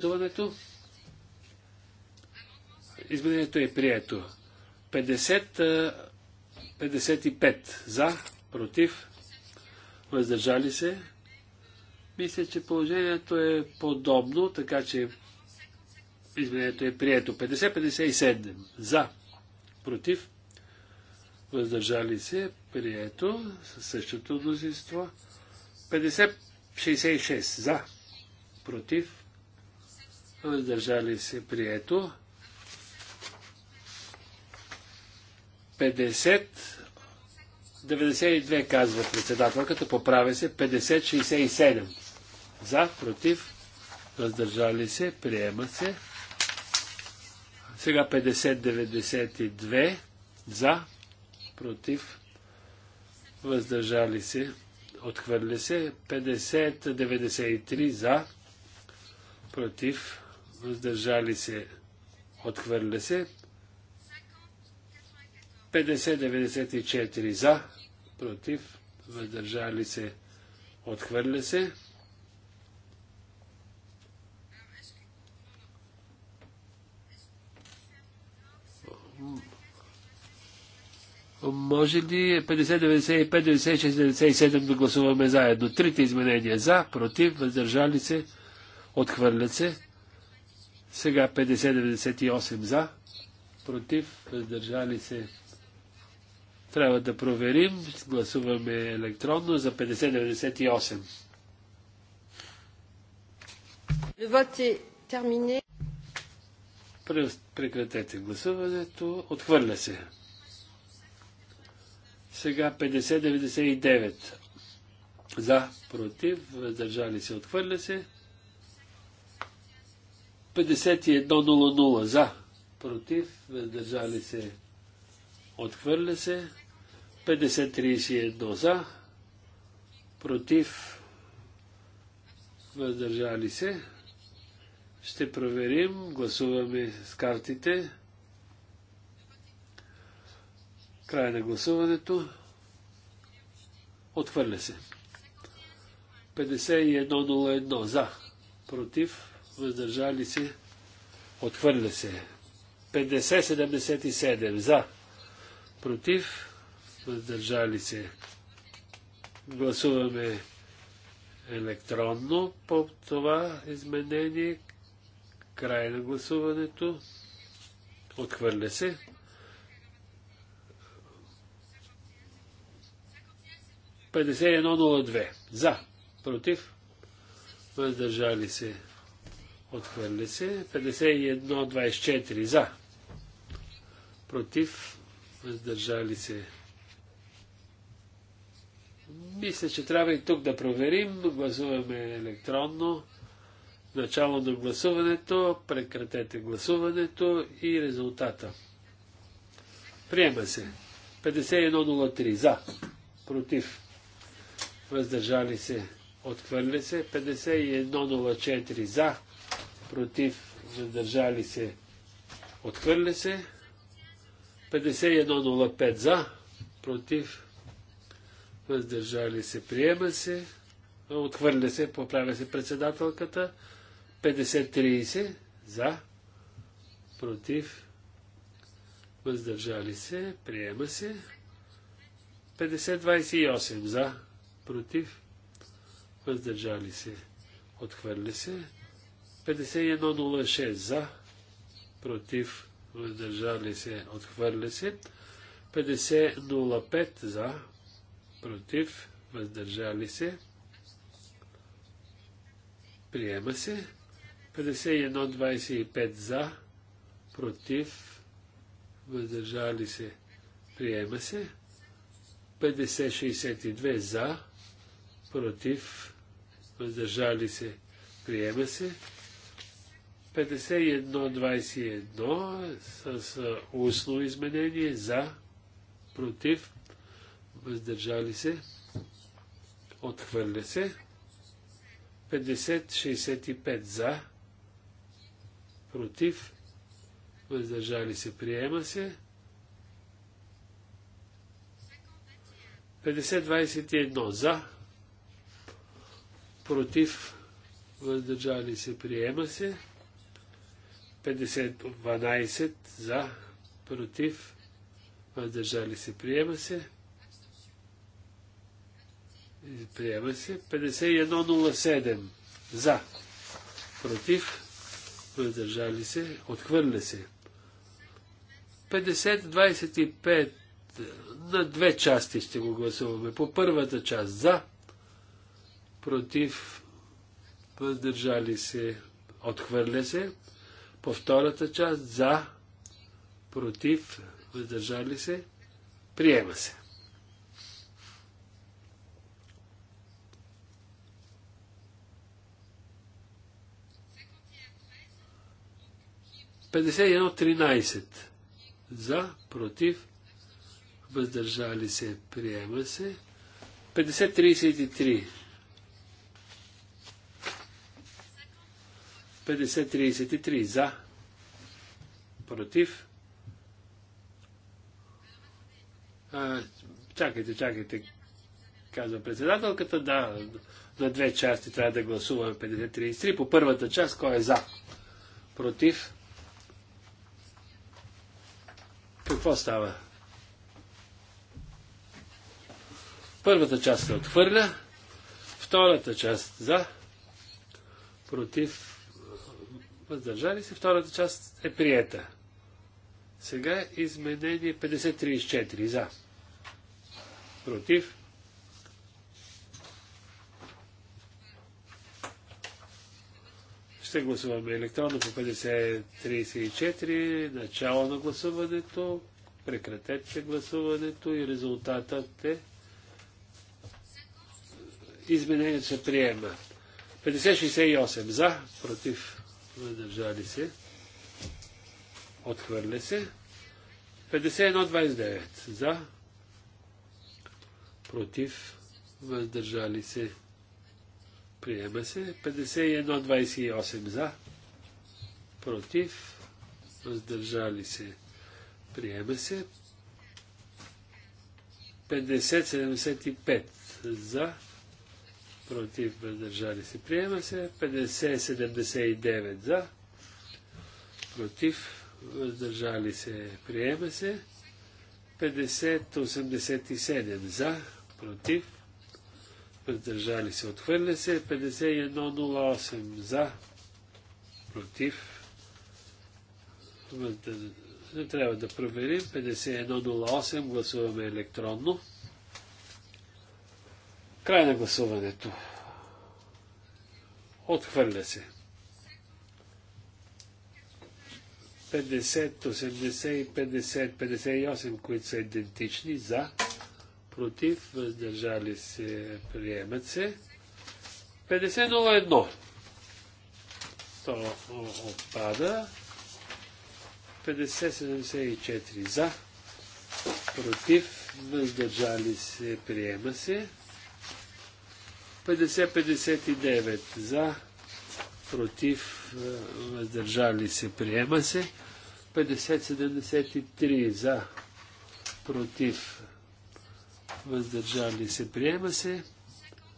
гласуването. Изменението е прието. 50, 55 за, против, въздържали се. Мисля, че положението е подобно, така че изменението е прието. 50-57 за, против, въздържали се, прието, със същото мнозинство. 50-66 за, против, въздържали се, прието. 50, 92 казва председателката, поправя се, 50-67. За, против, въздържали се, приема се. Сега 50-92 за, против, въздържали се, отхвърли се. 50-93 за, против, въздържали се, отхвърля се. 50-94 за, против, въздържали се, отхвърля се. Може ли 50, 95, 96, 97 да гласуваме заедно? Трите изменения за, против, въздържали се, отхвърлят се. Сега 50-98 за, против, въздържали се. Трябва да проверим. Гласуваме електронно за 50-98. Прекратете гласуването. Отхвърля се. Сега 50-99. За, против, въздържали се, отхвърля се. 51.00 за, против, въздържали се, отхвърля се. 50.31 за, против, въздържали се. Ще проверим, гласуваме с картите. Край на гласуването. Отхвърля се. 51.01 за, против, въздържали се, отхвърля се. 50-77 за, против, въздържали се. Гласуваме електронно по това изменение. Край на гласуването. Отхвърля се. 5102. За. Против. Въздържали се. Отхвърли се. 51-24 за. Против. Въздържали се. Мисля, че трябва и тук да проверим. Гласуваме електронно. Начало на гласуването. Прекратете гласуването и резултата. Приема се. 5103 за. Против. Въздържали се. Отхвърля се. 5104 за против, въздържали се, отхвърля се. 51.05 за, против, въздържали се, приема се, отхвърля се, поправя се председателката. 50.30 за, против, въздържали се, приема се. 50.28 за, против, въздържали се, отхвърля се. 5106 за, против, въздържали се, отхвърля се. 5005 за, против, въздържали се, приема се. 5125 за, против, въздържали се, приема се. 5062 за, против, въздържали се, приема се. 51-21 с устно изменение за, против, въздържали се, отхвърля се. 50-65 за, против, въздържали се, приема се. 50-21 за, против, въздържали се, приема се. 50-12 за, против, въздържали се, приема се. Приема се. 5107 за, против, въздържали се, отхвърля се. 50-25 на две части ще го гласуваме. По първата част за, против, въздържали се, отхвърля се. По втората част за, против, въздържали се, приема се. Петдесет За, против, въздържали се, приема се. 50 50-33 за, против. А, чакайте, чакайте, казва председателката. Да, на две части трябва да гласуваме 50-33. По първата част, кой е за? Против. Какво става? Първата част се отхвърля, втората част за, против, въздържали се. Втората част е приета. Сега е изменение 5034 за. Против. Ще гласуваме електронно по 5034. Начало на гласуването. Прекратете гласуването и резултатът е изменението се приема. 5068 за, против Задържали се, отхвърля се. 51-29 за, против, въздържали се, приема се. 51-28 за, против, въздържали се, приема се. 50-75 за, против, въздържали се, приема се. 50-79 за, против, въздържали се, приема се. 50-87 за, против, въздържали се, отхвърля се. 51-08 за, против, Трябва да проверим. 5108 гласуваме електронно. Край на гласуването. Отхвърля се. 50, 80, 50, 58, които са идентични за, против, въздържали се, приемат се. 50-01. То отпада. 50.74 за, против, въздържали се, приема се. 50-59 е, за, против, въздържали се, приема се. 50-73 за, против, въздържали се, приема се.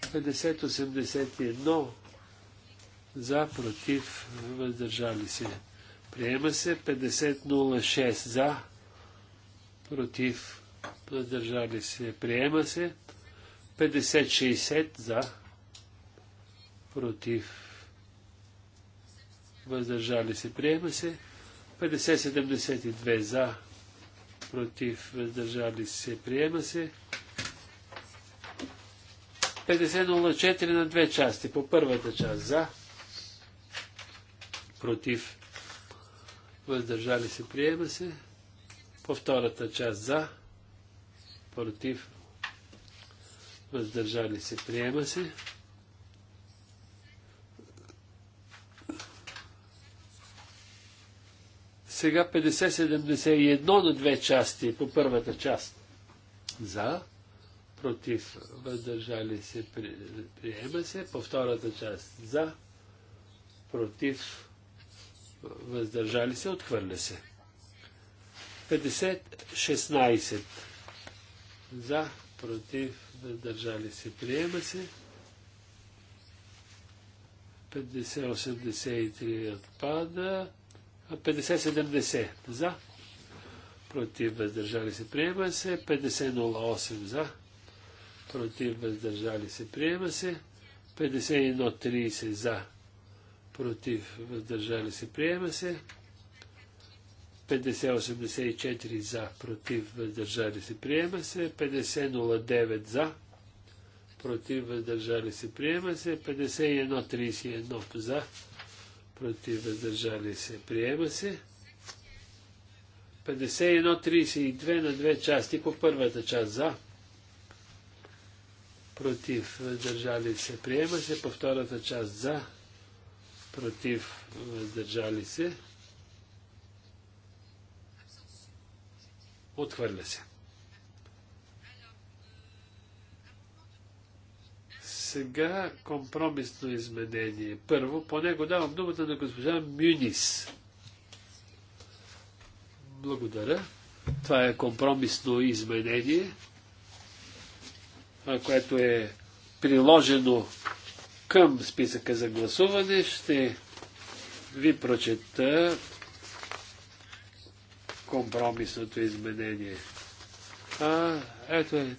50-81 за, против, въздържали се. Приема се 50-06 за, против, въздържали се. Приема се 50-60 за, против, въздържали се, приема се. 50-72 за, против, въздържали се, приема се. 50-04 на две части. По първата част за, против, въздържали се, приема се. По втората част за, против, въздържали се, приема се. 50, 71 на две части по първата част. За, против, въздържали се, приема се. По втората част за, против, въздържали се, отхвърля се. 50-16 за, против, въздържали се, приема се. 50-83 отпада. 50-70 за. Против въздържали се, приема се. 50-08 за. Против въздържали се, приема се. 51-30 за. Против въздържали се, приема се. 5084 за, против, въздържали се, приема се. 50-09 за, против, въздържали се, приема се. 31 за, против, въздържали се, приема се. 32 на две части по първата част за, против, въздържали се, приема се. По втората част за, против, въздържали се. Отхвърля се. Сега компромисно изменение. Първо, по него давам думата на госпожа Мюнис. Благодаря. Това е компромисно изменение, което е приложено към списъка за гласуване. Ще ви прочета компромисното изменение. А, ето е.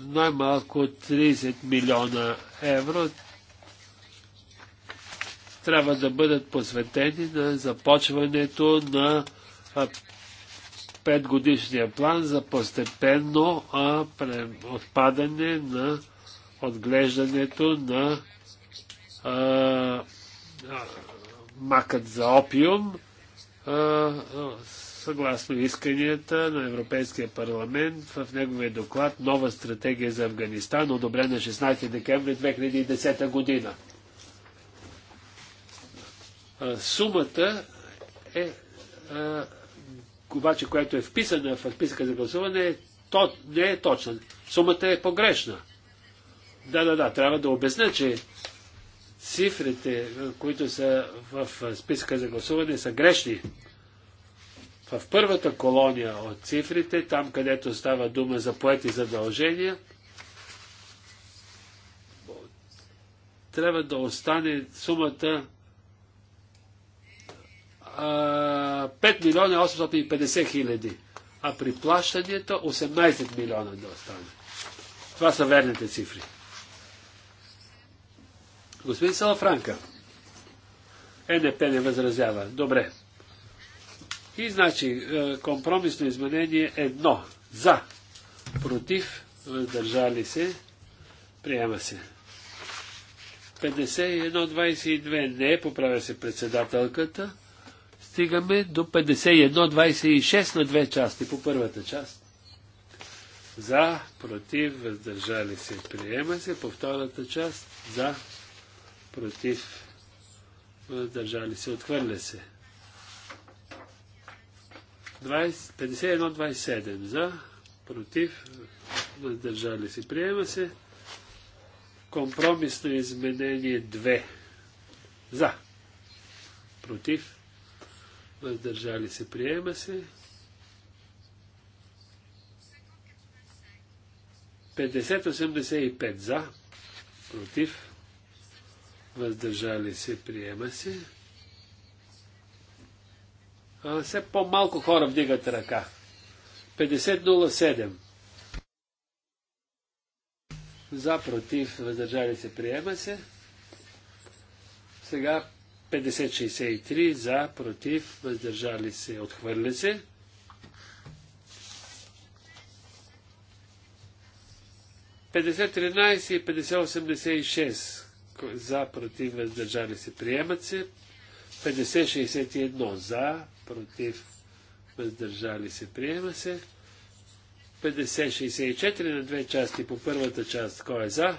Най-малко 30 милиона евро трябва да бъдат посветени на започването на петгодишния план за постепенно а, отпадане на отглеждането на а, макът за опиум, съгласно исканията на Европейския парламент в неговия доклад Нова стратегия за Афганистан, одобрена 16 декември 2010 година. Сумата е обаче, която е вписана в списъка за гласуване, е то не е точна. Сумата е погрешна. Да, да, да, трябва да обясня, че цифрите, които са в списка за гласуване, са грешни. В първата колония от цифрите, там където става дума за поети задължения, трябва да остане сумата 5 милиона 850 хиляди, а при плащанията 18 милиона да остане. Това са верните цифри. Господин Салафранка. НП не възразява. Добре. И значи е, компромисно изменение едно. За. Против. Въздържали се. Приема се. 51-22 не поправя се председателката. Стигаме до 51-26 на две части. По първата част. За, против, въздържали се, приема се. По втората част. За, против, въздържали се, отхвърля се. 51-27 за, против, въздържали се, приема се. Компромисно изменение 2 за, против, въздържали се, приема се. 50-85 за, против, въздържали се, приема се. А, все по-малко хора вдигат ръка. 50.07. За, против, въздържали се, приема се. Сега 50.63. За, против, въздържали се, отхвърля се. и 50.86 за, против, въздържали се, приемат се. 50-61 за, против, въздържали се, приема се. 50-64 на две части по първата част, кой е за?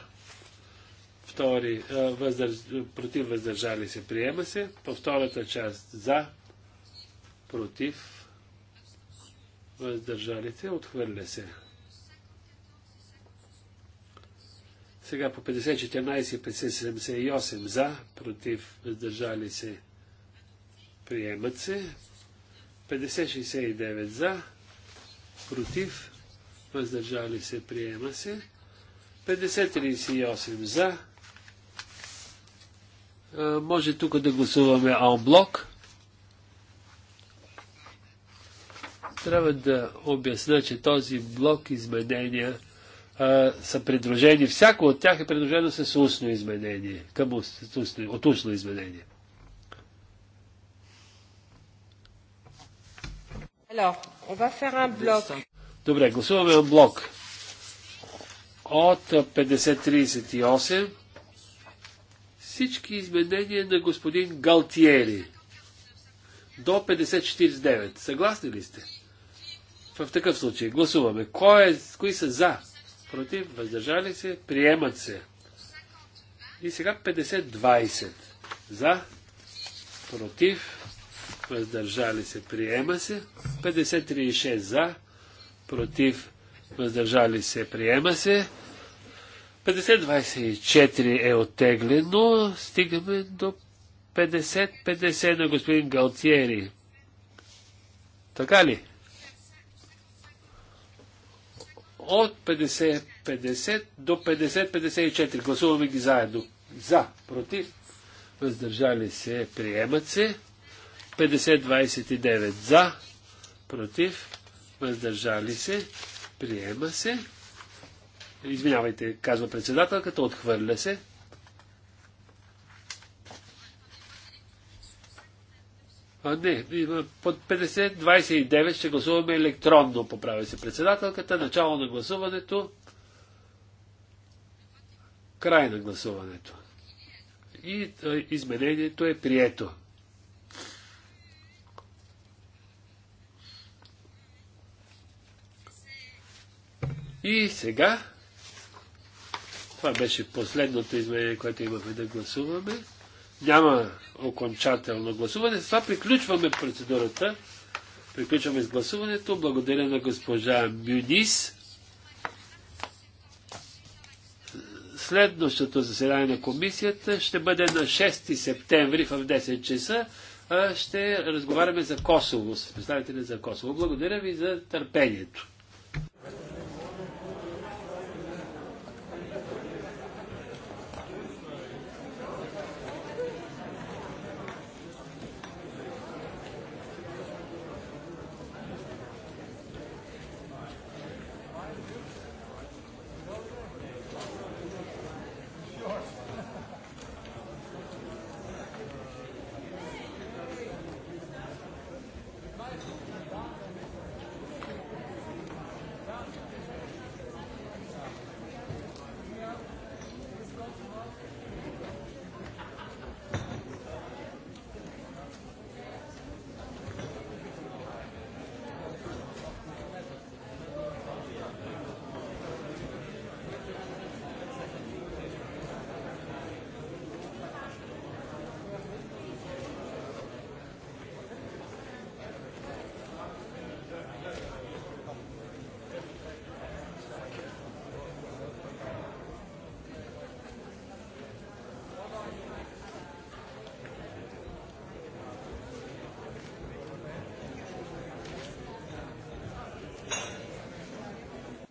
Втори, въздърж... против, въздържали се, приема се. По втората част, за, против, въздържали се, отхвърля се. Сега по 5014 и 5078 за, против, въздържали се, приемат се. 5069 за, против, въздържали се, приема се. 5038 за. А, може тук да гласуваме анблок. Трябва да обясня, че този блок изменения са придружени, всяко от тях е придружено с устно изменение, към устно, от устно изменение. Добре, гласуваме блок. От 5038 всички изменения на господин Галтиери до 5049. Съгласни ли сте? В такъв случай гласуваме. Кой е, кои са за? против, въздържали се, приемат се. И сега 50-20. За, против, въздържали се, приема се. 53,6 за, против, въздържали се, приема се. 50-24 е оттеглено. Стигаме до 50-50 на господин Галтиери. Така ли? от 50-50 до 50-54. Гласуваме ги заедно. За, против, въздържали се, приемат се. 50-29 за, против, въздържали се, приема се. Извинявайте, казва председателката, отхвърля се. А, не, под 50-29 ще гласуваме електронно, поправя се председателката. Начало на гласуването. Край на гласуването. И а, изменението е прието. И сега, това беше последното изменение, което имаме да гласуваме няма окончателно гласуване. това приключваме процедурата. Приключваме с гласуването. Благодаря на госпожа Мюнис. Следващото заседание на комисията ще бъде на 6 септември в 10 часа. Ще разговаряме за Косово, представители за Косово. Благодаря ви за търпението.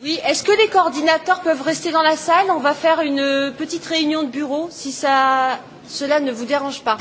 Oui, est-ce que les coordinateurs peuvent rester dans la salle On va faire une petite réunion de bureau si ça, cela ne vous dérange pas.